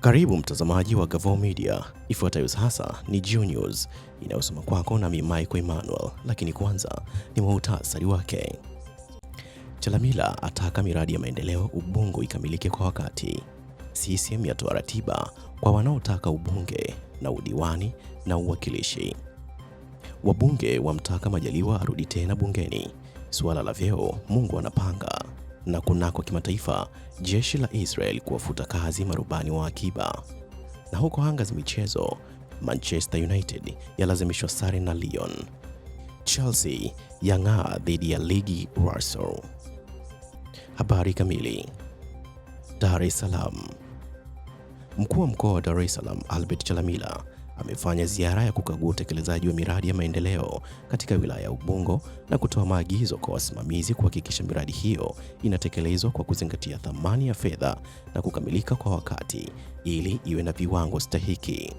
Karibu mtazamaji wa Gavoo Media. Ifuatayo sasa ni Geo News inayosoma kwako nami Michael Emmanuel, lakini kwanza ni muhtasari wake. Chalamila ataka miradi ya maendeleo Ubungo ikamilike kwa wakati. CCM yatoa ratiba kwa wanaotaka ubunge na udiwani na uwakilishi. Wabunge wamtaka Majaliwa arudi tena bungeni. Suala la vyeo Mungu anapanga na kunako kimataifa, jeshi la Israel kuwafuta kazi marubani wa akiba. Na huko anga za michezo, Manchester United yalazimishwa sare na Lyon. Chelsea yang'aa dhidi ya ligi Warsaw. Habari kamili. Dar es Salaam. Mkuu wa mkoa wa Dar es Salaam Albert Chalamila amefanya ziara ya kukagua utekelezaji wa miradi ya maendeleo katika wilaya ya Ubungo na kutoa maagizo kwa wasimamizi kuhakikisha miradi hiyo inatekelezwa kwa kuzingatia thamani ya fedha na kukamilika kwa wakati ili iwe na viwango stahiki.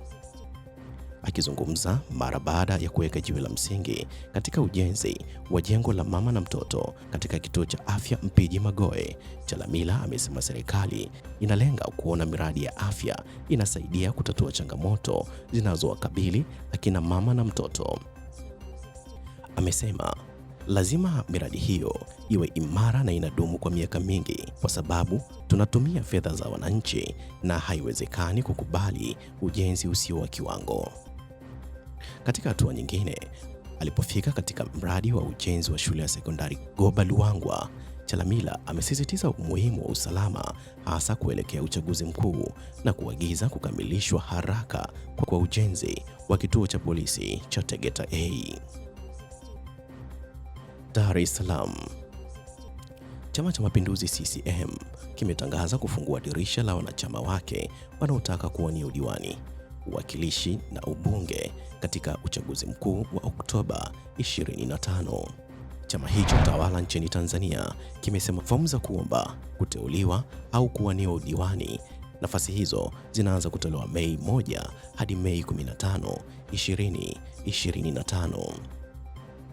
Akizungumza mara baada ya kuweka jiwe la msingi katika ujenzi wa jengo la mama na mtoto katika kituo cha afya Mpiji Magoe, Chalamila amesema serikali inalenga kuona miradi ya afya inasaidia kutatua changamoto zinazowakabili akina mama na mtoto. Amesema lazima miradi hiyo iwe imara na inadumu kwa miaka mingi, kwa sababu tunatumia fedha za wananchi na haiwezekani kukubali ujenzi usio wa kiwango. Katika hatua nyingine, alipofika katika mradi wa ujenzi wa shule ya sekondari Goba Luangwa, Chalamila amesisitiza umuhimu wa usalama hasa kuelekea uchaguzi mkuu na kuagiza kukamilishwa haraka kwa ujenzi wa kituo cha polisi cha Tegeta A. Dar es Salaam. Chama cha Mapinduzi CCM kimetangaza kufungua dirisha la wanachama wake wanaotaka kuwania udiwani uwakilishi na ubunge katika uchaguzi mkuu wa Oktoba 25. Chama hicho tawala nchini Tanzania kimesema fomu za kuomba, kuteuliwa au kuwania udiwani nafasi hizo zinaanza kutolewa Mei 1 hadi Mei 15, 2025.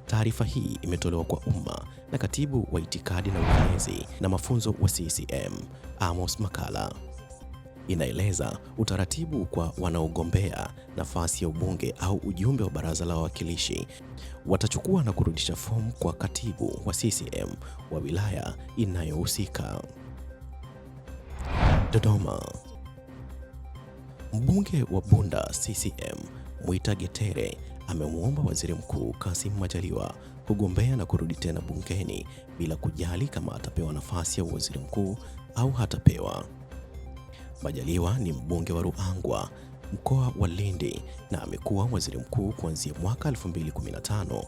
Taarifa hii imetolewa kwa umma na Katibu wa Itikadi na Uenezi na Mafunzo wa CCM, Amos makala inaeleza utaratibu kwa wanaogombea nafasi ya ubunge au ujumbe wa baraza la wawakilishi. Watachukua na kurudisha fomu kwa katibu wa CCM wa wilaya inayohusika. Dodoma. Mbunge wa Bunda CCM Mwita Getere amemwomba Waziri Mkuu Kassim Majaliwa kugombea na kurudi tena bungeni bila kujali kama atapewa nafasi ya uwaziri mkuu au hatapewa. Majaliwa ni mbunge wa Ruangwa mkoa wa Lindi na amekuwa waziri mkuu kuanzia mwaka 2015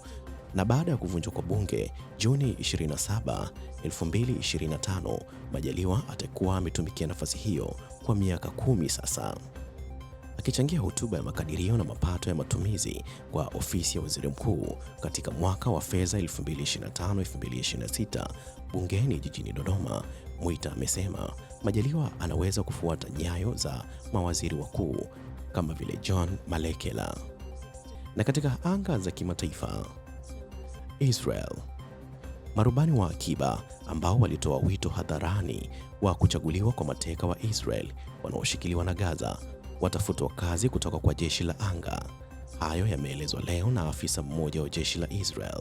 na baada ya kuvunjwa kwa bunge Juni 27, 2025, Majaliwa atakuwa ametumikia nafasi hiyo kwa miaka kumi sasa akichangia hotuba ya makadirio na mapato ya matumizi kwa ofisi ya waziri mkuu katika mwaka wa fedha 2025-2026 bungeni jijini Dodoma, Mwita amesema Majaliwa anaweza kufuata nyayo za mawaziri wakuu kama vile John Malekela. Na katika anga za kimataifa, Israel marubani wa akiba ambao walitoa wito hadharani wa kuchaguliwa kwa mateka wa Israel wanaoshikiliwa na Gaza watafutwa kazi kutoka kwa jeshi la anga. Hayo yameelezwa leo na afisa mmoja wa jeshi la Israel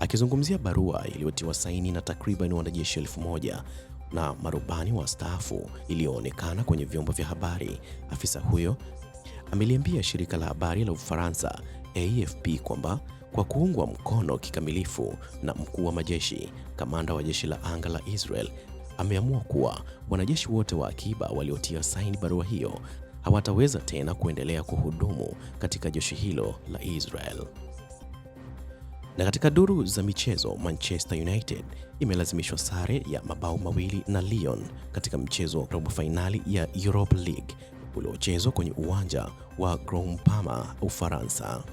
akizungumzia barua iliyotiwa saini na takriban wanajeshi elfu moja na marubani wastaafu iliyoonekana kwenye vyombo vya habari. Afisa huyo ameliambia shirika la habari la Ufaransa AFP kwamba kwa kuungwa mkono kikamilifu na mkuu wa majeshi, kamanda wa jeshi la anga la Israel ameamua kuwa wanajeshi wote wa akiba waliotia saini barua hiyo hawataweza tena kuendelea kuhudumu katika jeshi hilo la Israel. Na katika duru za michezo, Manchester United imelazimishwa sare ya mabao mawili na Lyon katika mchezo wa robo fainali ya Europa League uliochezwa kwenye uwanja wa Ground Ufaransa.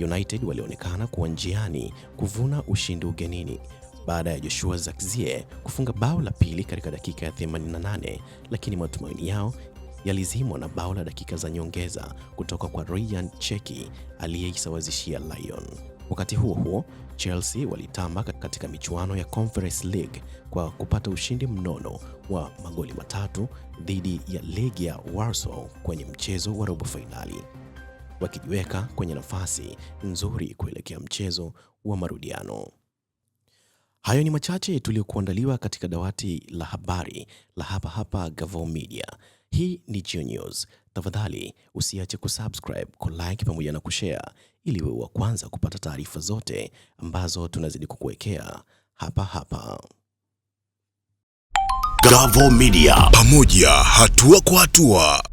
United walionekana kuwa njiani kuvuna ushindi ugenini baada ya Joshua Zakzie kufunga bao la pili katika dakika ya 88, lakini matumaini yao yalizimwa na bao la dakika za nyongeza kutoka kwa Ryan Cheki aliyeisawazishia Lyon. Wakati huo huo, Chelsea walitamba katika michuano ya Conference League kwa kupata ushindi mnono wa magoli matatu dhidi ya Legia Warsaw kwenye mchezo wa robo fainali, wakijiweka kwenye nafasi nzuri kuelekea mchezo wa marudiano. Hayo ni machache tuliyokuandaliwa katika dawati la habari la hapa hapa Gavoo Media. Hii ni Geo News. Tafadhali usiache kusubscribe, kulike pamoja na kushare ili wewe wa kwanza kupata taarifa zote ambazo tunazidi kukuwekea hapa hapa Gavoo Media, pamoja hatua kwa hatua.